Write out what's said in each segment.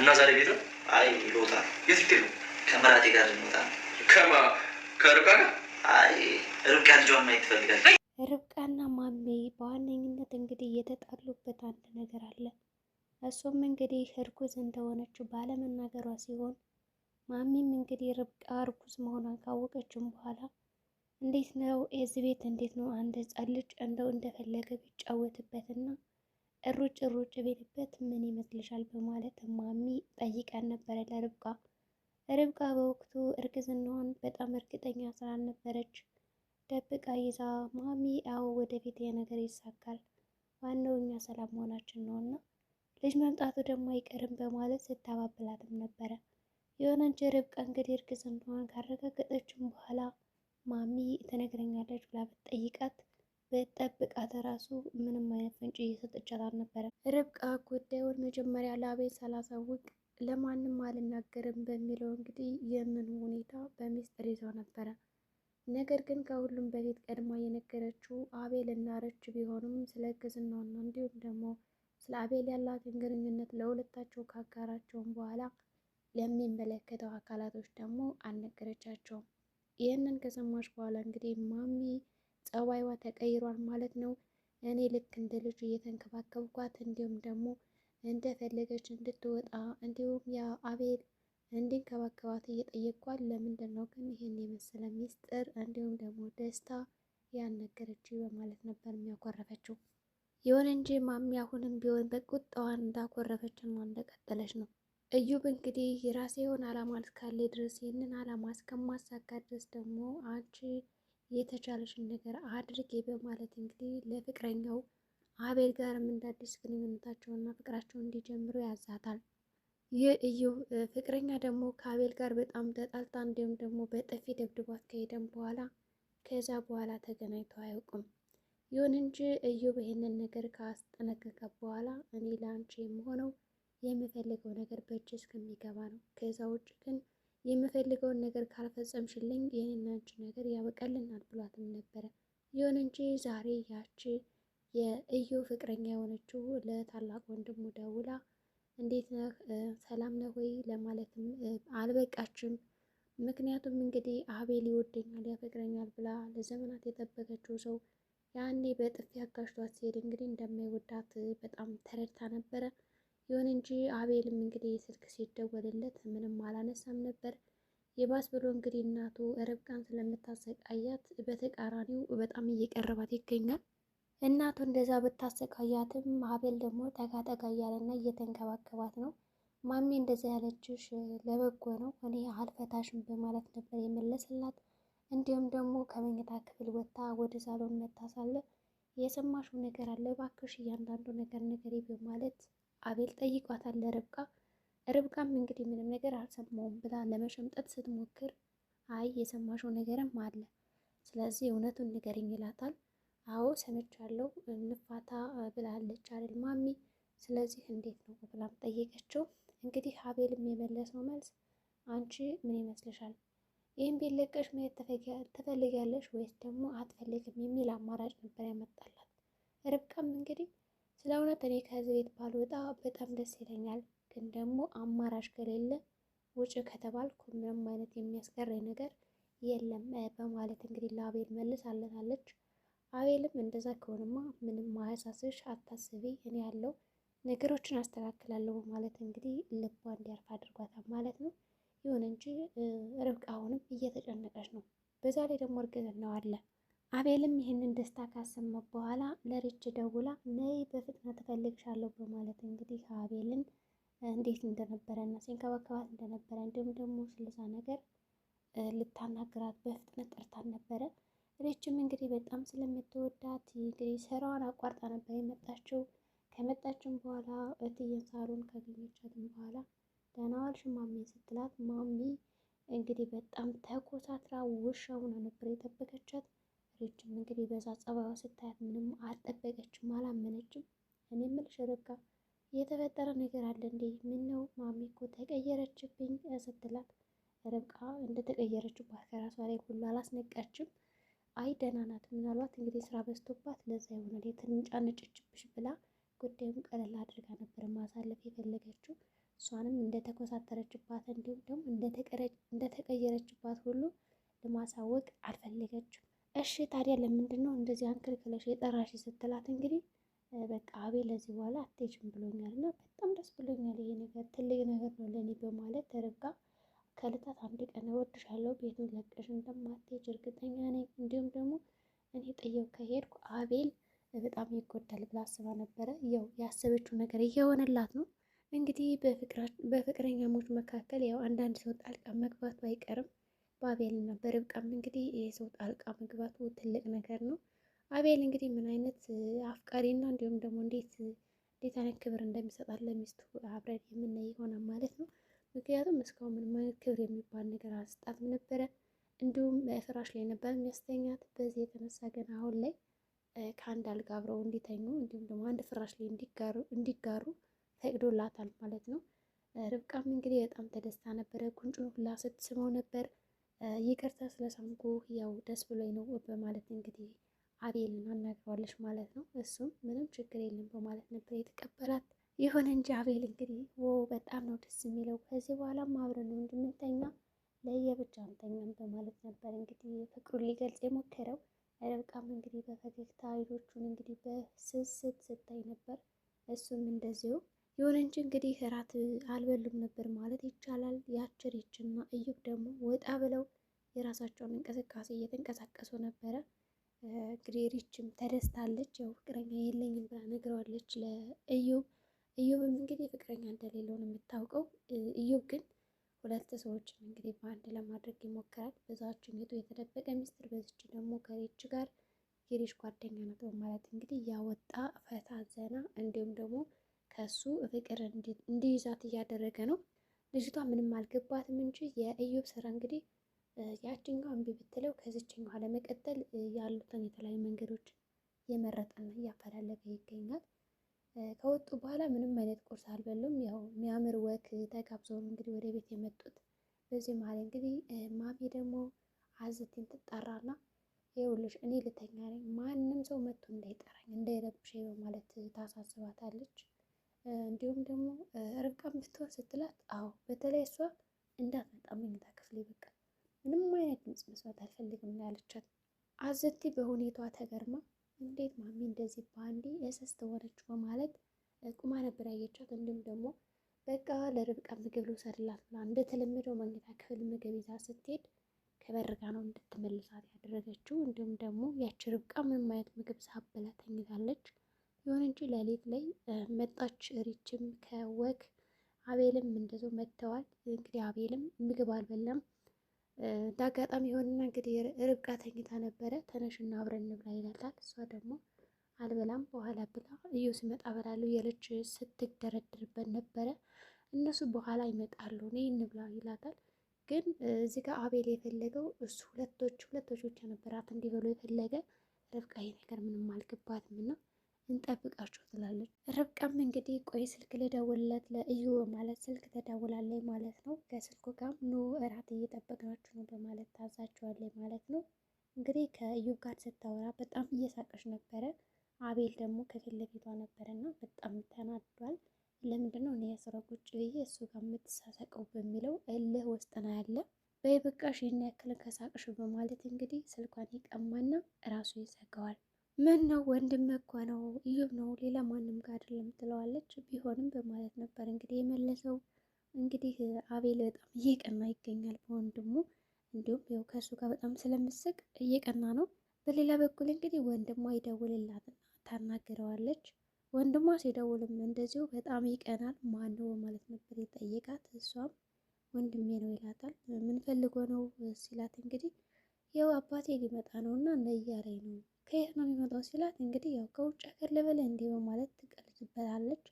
እና ዛሬ ቤት ነው? አይ ይሎታ የት ይገኝ? ነው? ከመራቴ ጋር ልንወጣ። ከማ ከርብቃ ጋር? አይ ርብቃ ልጇን ማየት ትፈልጋለች። ርብቃና ማሜ በዋነኝነት እንግዲህ የተጣሉበት አንድ ነገር አለ። እሱም እንግዲህ እርጉዝ እንደሆነችው ባለመናገሯ ሲሆን ማሜም እንግዲህ ርብቃ እርጉዝ መሆኗን ካወቀችም በኋላ እንዴት ነው የዚህ ቤት እንዴት ነው አንድ ህጻን ልጅ እንደው እንደፈለገ ቢጫወትበትና እሩጭ እሩጭ ቤልበት ምን ይመስልሻል በማለት እማሚ ጠይቀን ነበረ ለርብቃ። ርብቃ በወቅቱ እርግዝናዋን በጣም እርግጠኛ ስላልነበረች ደብቃ ይዛ ማሚ አዎ ወደፊት የነገር ይሳካል ዋናው እኛ ሰላም መሆናችን ነው እና ልጅ መምጣቱ ደግሞ አይቀርም በማለት ስታባብላትም ነበረ። የሆነ እንጂ ርብቃ እንግዲህ እርግዝናዋን ካረጋገጠችም በኋላ ማሚ ትነግረኛለች ብላ ብትጠይቃት ብጠብቃት ራሱ ምንም አይነት ፍንጭ እየሰጠቻት አልነበረም። ርብቃ ጉዳዩን መጀመሪያ ለአቤል ሳላሳውቅ ለማንም አልናገርም በሚለው እንግዲህ የምን ሁኔታ በሚስጥር ይዘው ነበረ። ነገር ግን ከሁሉም በፊት ቀድማ የነገረችው አቤል እና ረች ቢሆንም ስለ እርግዝናውና እንዲሁም ደግሞ ስለ አቤል ያላትን ግንኙነት ለሁለታቸው ካጋራቸውን በኋላ ለሚመለከተው አካላቶች ደግሞ አልነገረቻቸውም። ይህንን ከሰማች በኋላ እንግዲህ ማሚ ጸባይዋ ተቀይሯል ማለት ነው። እኔ ልክ እንደ ልጅ እየተንከባከብኳት እንዲሁም ደግሞ እንደፈለገች እንድትወጣ እንዲሁም አቤል እንዲንከባከባት እየጠየቅኳት ለምንድን ነው ግን ይህን የመሰለ ሚስጥር እንዲሁም ደግሞ ደስታ ያልነገረችው በማለት ነበር የሚያኮረፈችው። ይሁን እንጂ ማሚ አሁንም ቢሆን በቁጣዋን እንዳኮረፈችና እንደቀጠለች ነው። እዩብ እንግዲህ የራሴ የሆነ አላማ እስካለ ድረስ ይህንን አላማ እስከማሳካ ድረስ ደግሞ አንቺ የተቻለሽን ነገር አድርጌ በማለት እንግዲህ ለፍቅረኛው አቤል ጋርም እንዳዲስ ግንኙነታቸውና ፍቅራቸውን እንዲጀምሩ ያዛታል። የእዩ ፍቅረኛ ደግሞ ከአቤል ጋር በጣም ተጣልታ እንዲሁም ደግሞ በጥፊ ደብድቧት ከሄደም በኋላ ከዛ በኋላ ተገናኝተው አያውቁም። ይሁን እንጂ እዩ ይህንን ነገር ካስጠነቀቀ በኋላ እኔ ለአንቺ የምሆነው የምፈልገው ነገር በእጅ እስከሚገባ ነው። ከዛ ውጭ ግን የምፈልገውን ነገር ካልፈጸምሽልኝ የኔና ነገር ያበቃልናል ብሏትም ነበረ። ይሁን እንጂ ዛሬ ያቺ የእዩ ፍቅረኛ የሆነችው ለታላቅ ወንድሙ ደውላ እንዴት ነህ ሰላም ነህ ወይ ለማለትም አልበቃችም። ምክንያቱም እንግዲህ አቤል ይወደኛል ያፈቅረኛል ብላ ለዘመናት የጠበቀችው ሰው ያኔ በጥፊ አጋሽቷት ሲሄድ እንግዲህ እንደማይወዳት በጣም ተረድታ ነበረ። ይሁን እንጂ አቤልም እንግዲህ ስልክ ሲደወልለት ምንም አላነሳም ነበር። የባስ ብሎ እንግዲህ እናቱ ርብቃን ስለምታሰቃያት በተቃራኒው በጣም እየቀረባት ይገኛል። እናቱ እንደዛ ብታሰቃያትም አቤል ደግሞ ጠጋጠጋ እያለና እየተንከባከባት ነው። ማሜ እንደዛ ያለችሽ ለበጎ ነው፣ እኔ አልፈታሽም በማለት ነበር የመለስላት። እንዲሁም ደግሞ ከመኝታ ክፍል ወጥታ ወደ ሳሎን መታሳለ የሰማሽው ነገር አለ እባክሽ፣ እያንዳንዱ ነገር ንገሪ በማለት አቤል ጠይቋታል ለርብቃ። ርብቃም እንግዲህ ምንም ነገር አልሰማውም ብላ ለመሸምጠት ስትሞክር አይ የሰማሽው ነገርም አለ፣ ስለዚህ እውነቱን ንገሪኝ ይላታል። አዎ ሰምቻለሁ፣ እንፋታ ብላለች አይደል ማሚ፣ ስለዚህ እንዴት ነው ብላም ጠየቀችው። እንግዲህ አቤልም የመለሰው መልስ አንቺ ምን ይመስልሻል ይህን ቤት ለቀሽ መሄድ ትፈልጊያለሽ ወይስ ደግሞ አትፈልግም የሚል አማራጭ ነበር ያመጣላት። ርብቃም እንግዲህ ስለ እውነት እኔ ከዚህ ቤት ባልወጣ በጣም ደስ ይለኛል። ግን ደግሞ አማራጭ ከሌለ ውጭ ከተባልኩ ምንም አይነት የሚያስቀረኝ ነገር የለም በማለት እንግዲህ ለአቤል መልስ አለታለች። አቤልም እንደዛ ከሆነማ ምንም አያሳስብሽ፣ አታስቢ፣ እኔ ያለው ነገሮችን አስተካክላለሁ በማለት እንግዲህ ልቧ እንዲያርፍ አድርጓታል ማለት ነው። ይሁን እንጂ ርብቃ አሁንም እየተጨነቀች ነው። በዛ ላይ ደግሞ እርግዝናው አለ። አቤልም ይህንን ደስታ ካሰማት በኋላ ለሪች ደውላ ነይ በፍጥነት እፈልግሻለሁ በማለት እንግዲህ አቤልን እንዴት እንደነበረ እና ሲንከባከባት እንደነበረ እንዲሁም ደግሞ ስለዛ ነገር ልታናግራት በፍጥነት ጠርታን ነበረ። ሪችም እንግዲህ በጣም ስለምትወዳት እንግዲህ ስራዋን አቋርጣ ነበር የመጣችው። ከመጣችም በኋላ እትዬን ሳሩን ካገኘቻትም በኋላ ደህና ዋልሽ ማሚ ስትላት ማሚ እንግዲህ በጣም ተኮሳትራ ውሻ ሆና ነበር የጠበቀቻት። ርችም እንግዲህ በዛ ጸባዩ ስታያት ምንም አልጠበቀችም፣ አላመነችም። እኔ የምልሽ ርብቃ የተፈጠረ ነገር አለ እንዴ? ምነው ማሚ እኮ ተቀየረችብኝ ስትላት ርብቃ እንደተቀየረችባት ከራሷ ላይ ሁሉ አላስነቃችም። አይ ደህና ናት፣ ምናልባት እንግዲህ ስራ በዝቶባት ለዛ ይሆናል የተንጫነጨችብሽ ብላ ጉዳዩን ቀለል አድርጋ ነበር ማሳለፍ የፈለገችው። እሷንም እንደተኮሳተረችባት እንዲሁም ደግሞ እንደተቀየረችባት ሁሉ ለማሳወቅ አልፈለገችም። እሺ ታዲያ ለምንድን ነው እንደዚህ አንከልክለሽ የጠራሽ ስትላት እንግዲህ በቃ አቤ ለዚህ በኋላ አትሄጂም ብሎኛል እና በጣም ደስ ብሎኛል። ይሄ ነገር ትልቅ ነገር ነው ለኔ በማለት ተረጋ ከዕለታት አንድ ቀን እወድሻለሁ ቤቱን ለቀሽ እንደማትሄጂ እርግጠኛ ነኝ። እንዲሁም ደግሞ እኔ ጥዬው ከሄድኩ አቤል በጣም ይጎዳል ብላ አስባ ነበረ። ያው ያሰበችው ነገር እየሆነላት ነው። እንግዲህ በፍቅረኛሞች መካከል ያው አንዳንድ ሰው ጣልቃ መግባቱ አይቀርም። በአቤልና በርብቃም እንግዲህ የሰው ጣልቃ መግባቱ ትልቅ ነገር ነው። አቤል እንግዲህ ምን አይነት አፍቃሪና እንዲሁም ደግሞ እንዴት እንዴት አይነት ክብር እንደሚሰጣት ለሚስቱ አብረን የምናይ ይሆናል ማለት ነው። ምክንያቱም እስካሁን ምንም አይነት ክብር የሚባል ነገር አልሰጣትም ነበረ። እንዲሁም ፍራሽ ላይ ነበር የሚያስተኛት። በዚህ የተነሳ ገና አሁን ላይ ከአንድ አልጋ አብረው እንዲተኙ እንዲሁም ደግሞ አንድ ፍራሽ ላይ እንዲጋሩ ፈቅዶላታል ማለት ነው። ርብቃም እንግዲህ በጣም ተደስታ ነበረ። ጉንጩን ሁላ ስትስመው ነበር። ይቅርታ ስለሰምኩ ያው ደስ ብሎኝ ነው በማለት እንግዲህ አቤልን አናግረዋለች ማለት ነው። እሱም ምንም ችግር የለም በማለት ነበር የተቀበላት። ይሁን እንጂ አቤል እንግዲህ ወ በጣም ነው ደስ የሚለው ከዚህ በኋላም አብረን ነው እንጂ ለየብቻ አንተኛም በማለት ነበር እንግዲህ ፍቅሩን ሊገልጽ የሞከረው። ርብቃም እንግዲህ በፈገግታ አይኖቹን እንግዲህ በስስት ስታይ ነበር። እሱም እንደዚሁ ይሁን እንጂ እንግዲህ እራት አልበሉም ነበር ማለት ይቻላል። ያችን ይችና እዩብ ደግሞ ወጣ ብለው የራሳቸውን እንቅስቃሴ እየተንቀሳቀሱ ነበረ። እንግዲህ ሪችም ተደስታለች። ያው ፍቅረኛ የለኝም ብላ ነግረዋለች ለእዩብ። እዩብም እንግዲህ ፍቅረኛ እንደሌለው ነው የምታውቀው። እዩብ ግን ሁለት ሰዎችን እንግዲህ በአንድ ለማድረግ ይሞክራል። በዛችን ሄዶ የተደበቀ ሚስጥር፣ በዚች ደግሞ ከሪች ጋር የሪች ጓደኛ ናት ማለት እንግዲህ ያወጣ ፈታ ዘና እንዲሁም ደግሞ ከሱ ፍቅር እንዲይዛት እያደረገ ነው። ልጅቷ ምንም አልገባትም እንጂ የእዮብ ስራ እንግዲህ ያችኛው እምቢ ብትለው ከዚችኛዋ ለመቀጠል ያሉትን የተለያዩ መንገዶች የመረጠና እያፈላለገ ይገኛል። ከወጡ በኋላ ምንም አይነት ቁርስ አልበሉም። ያው የሚያምር ወክ ተጋብዘው ነው እንግዲህ ወደ ቤት የመጡት። በዚህ መሀል እንግዲህ ማሚ ደግሞ አዝቲን ትጠራና ይኸውልሽ እኔ ልተኛ ነኝ፣ ማንም ሰው መጥቶ እንዳይጠራኝ እንዳይረብሽ በማለት ታሳስባታለች። እንዲሁም ደግሞ ርብቃ ምትሆን ስትላት አዎ፣ በተለይ እሷ እንዳትመጣ መኝታ ክፍል ይበቃል፣ ምንም አይነት ድምፅ መስማት አልፈልግም ያለቻት። አዘቲ በሁኔታዋ ተገርማ እንዴት ማሚ እንደዚህ በአንዴ እሰስ ተወረች በማለት ቁማ ነበር ያየቻት። እንዲሁም ደግሞ በቃ ለርብቃ ምግብ ልውሰድላት ብላ እንደተለመደው መኝታ ክፍል ምግብ ይዛ ስትሄድ ከበርጋ ነው እንድትመልሳት ያደረገችው። እንዲሁም ደግሞ ያቺ ርብቃ ምንም አይነት ምግብ ሳበላ ተኝታለች። ይሁን እንጂ ሌሊት ላይ መጣች። ሪችም ከወግ አቤልም እንደዚሁ መጥተዋል። እንግዲህ አቤልም ምግብ አልበላም። እንደ አጋጣሚ የሆንና እንግዲህ ርብቃ ተኝታ ነበረ። ተነሽና አብረን እንብላ ይላታል። እሷ ደግሞ አልበላም በኋላ ብላ እዩ ሲመጣ በላሉ የልጅ ስትደረድርበት ነበረ። እነሱ በኋላ ይመጣሉ እኔ እንብላ ይላታል። ግን እዚህ ጋር አቤል የፈለገው እሱ ሁለቶች ሁለቶች ብቻ ነበራት እንዲበሉ የፈለገ ርብቃ ይሄ ነገር ምንም አልገባትም እና እንጠብቃችሁ ትላለች። ርብቃም እንግዲህ ቆይ ስልክ ልደውልለት ለእዩ በማለት ስልክ ተደውላለች ማለት ነው። ከስልኩ ጋር ኑ እራት እየጠበቃችሁ ነው በማለት ታዛቸዋለች ማለት ነው። እንግዲህ ከእዩ ጋር ስታወራ በጣም እየሳቀች ነበረ። አቤል ደግሞ ከፊት ለፊቷ ነበረ እና በጣም ተናዷል። ለምንድን ነው እኔ የስራ ቁጭ ብዬ እሱ ጋር የምትሳሳቀው በሚለው እልህ ውስጥ ነው ያለ። በይበቃሽ ይህን ያክል ከሳቅሽ በማለት እንግዲህ ስልኳን ይቀማና ራሱ ይዘጋዋል። ምን ነው ወንድም እኮ ነው እዩብ ነው ሌላ ማንም ጋር አይደለም ትለዋለች። ቢሆንም በማለት ነበር እንግዲህ የመለሰው። እንግዲህ አቤል በጣም እየቀና ይገኛል በወንድሙ እንዲሁም ያው ከእሱ ጋር በጣም ስለምስቅ እየቀና ነው። በሌላ በኩል እንግዲህ ወንድሟ ይደውልላትና ታናግረዋለች። ወንድሟ ሲደውልም እንደዚሁ በጣም ይቀናል። ማን ነው ማለት ነበር የጠየቃት። እሷም ወንድሜ ነው ይላታል። ምን ፈልጎ ነው ሲላት እንግዲህ ያው አባቴ ሊመጣ ነው እና ነያረኝ ነው ከየት ነው የሚመጣው ሲላት እንግዲህ ያው ከውጭ ሀገር ልበል እንዲህ በማለት ትቀልድበታለች።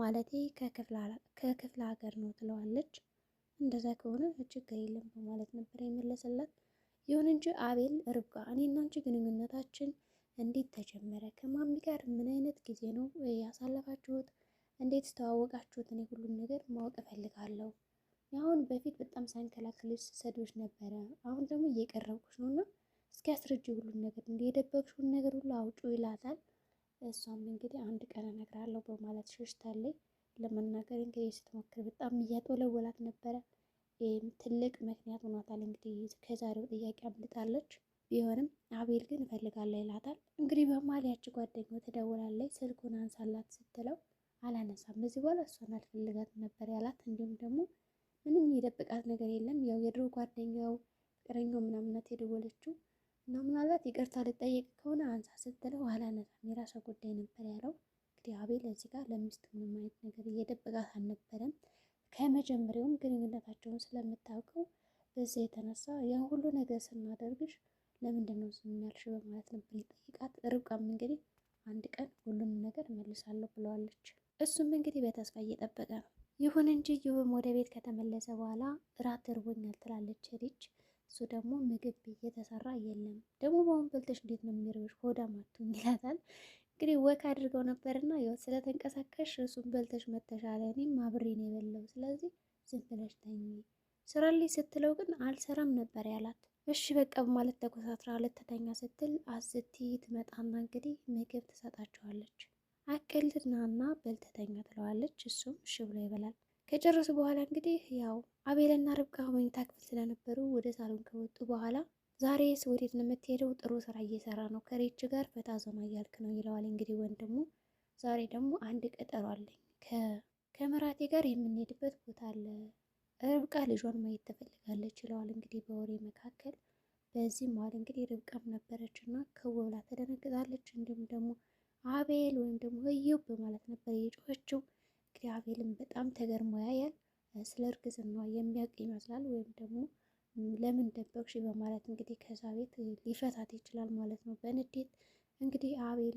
ማለቴ ከክፍለ ሀገር ነው ትለዋለች። እንደዛ ከሆነ ችግር የለም በማለት ነበር የመለሰላት። ይሁን እንጂ አቤል ርብቃ፣ እና አንቺ ግንኙነታችን እንዴት ተጀመረ? ከማሚ ጋር ምን አይነት ጊዜ ነው ያሳለፋችሁት? እንዴት ተዋወቃችሁት? እኔ ሁሉም ነገር ማወቅ እፈልጋለሁ። አሁን በፊት በጣም ሳንከላከልሽ ሰዶች ነበረ። አሁን ደግሞ እየቀረብኩሽ ነው እና እስኪ አስረጅ ሁሉን ነገር እንደ የደበቅሽውን ነገር ሁሉ አውጩ ይላታል። እሷም እንግዲህ አንድ ቀን እነግርሃለሁ በማለት ሸሽታለች። ለመናገር እንግዲህ ስትሞክር በጣም እያጦለወላት ነበረ። ትልቅ ምክንያት ሆኗታል። እንግዲህ ከዛሬው ጥያቄ አምልጣለች። ቢሆንም አቤል ግን እፈልጋለሁ ይላታል። እንግዲህ በመሀል ያቺ ጓደኛው ትደውላለች። ስልኩን አንሳላት ስትለው አላነሳም። በዚህ በኋላ እሷን አልፈልጋት ነበር ያላት። እንዲሁም ደግሞ ምንም የደብቃት ነገር የለም ያው የድሮ ጓደኛው ፍቅረኛው ምናምን ናት የደወለችው እና ምናልባት ይቅርታ ልጠየቅ ከሆነ አንሳ ስትለው አላነሳም የራሷ ጉዳይ ነበር ያለው። እንግዲህ አቤል እዚህ ጋር ለሚስቱ ምንም አይነት ነገር እየደበቃት አልነበረም። ከመጀመሪያውም ግንኙነታቸውን ስለምታውቀው በዚህ የተነሳ ያ ሁሉ ነገር ስናደርግሽ ለምንድን ነው ዝም ያልሽው በማለት ነበር የጠይቃት። ርብቃም እንግዲህ አንድ ቀን ሁሉንም ነገር መልሳለሁ ብለዋለች። እሱም እንግዲህ በተስፋ እየጠበቀ ነው። ይሁን እንጂ ይሁም ወደ ቤት ከተመለሰ በኋላ እራት እርቦኛል ትላለች ሄደች እሱ ደግሞ ምግብ እየተሰራ የለም ደግሞ በአሁን በልተሽ እንዴት ነው የሚርብሽ ሆዳም ይላታል። እንግዲህ ወክ አድርገው ነበርና ያው ስለተንቀሳቀሽ እሱን በልተሽ መተሻለ እኔም አብሬ ነው የበለው ስለዚህ ዝም ብለሽ ተኝ ስራልኝ ስትለው ግን አልሰራም ነበር ያላት። እሺ በቃ በማለት ተኮሳትራ ልትተኛ ስትል አስቲ ትመጣና እንግዲህ ምግብ ትሰጣቸዋለች። አቅልናና በልተተኛ ትለዋለች። እሱም እሺ ብሎ ይበላል። ከጨረሱ በኋላ እንግዲህ ያው አቤልና ርብቃ መኝታ ክፍል ስለነበሩ ወደ ሳሎን ከወጡ በኋላ ዛሬስ ወዴት ነው የምትሄደው? ጥሩ ስራ እየሰራ ነው ከሬች ጋር ፈታ ዘና እያልክ ነው ይለዋል። እንግዲህ ወንድሙ ዛሬ ደግሞ አንድ ቀጠሮ አለኝ ከምራቴ ጋር የምንሄድበት ቦታ አለ፣ ርብቃ ልጇን ማየት ትፈልጋለች ይለዋል። እንግዲህ በወሬ መካከል በዚህ መሀል እንግዲህ ርብቃም ነበረች እና ከወብላ ተደነግጣለች። እንዲሁም ደግሞ አቤል ወይም ደግሞ እዩብ በማለት ነበር የጮኸችው። እንግዲህ አቤልም በጣም ተገርሞ ያያል። ስለ እርግዝናዋ የሚያውቅ ይመስላል ወይም ደግሞ ለምን ደበቅሽ በማለት እንግዲህ ከዛ ቤት ሊፈታት ይችላል ማለት ነው። በንዴት እንግዲህ አቤል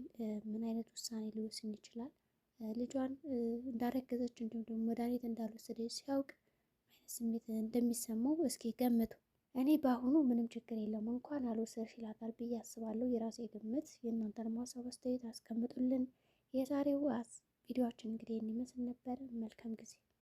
ምን አይነት ውሳኔ ሊወስን ይችላል? ልጇን እንዳረገዘች እንዲሁም ደግሞ መድኃኒት እንዳልወሰደች ሲያውቅ ስሜት እንደሚሰማው እስኪ ገምቱ። እኔ በአሁኑ ምንም ችግር የለም እንኳን አልወሰድሽ ይላታል ብዬ አስባለሁ። የራሴ ግምት፣ የእናንተን ሀሳብ አስተያየት አስቀምጡልን። የዛሬው ቪዲዮዎችን እንግዲህ የሚመስል ነበር። መልካም ጊዜ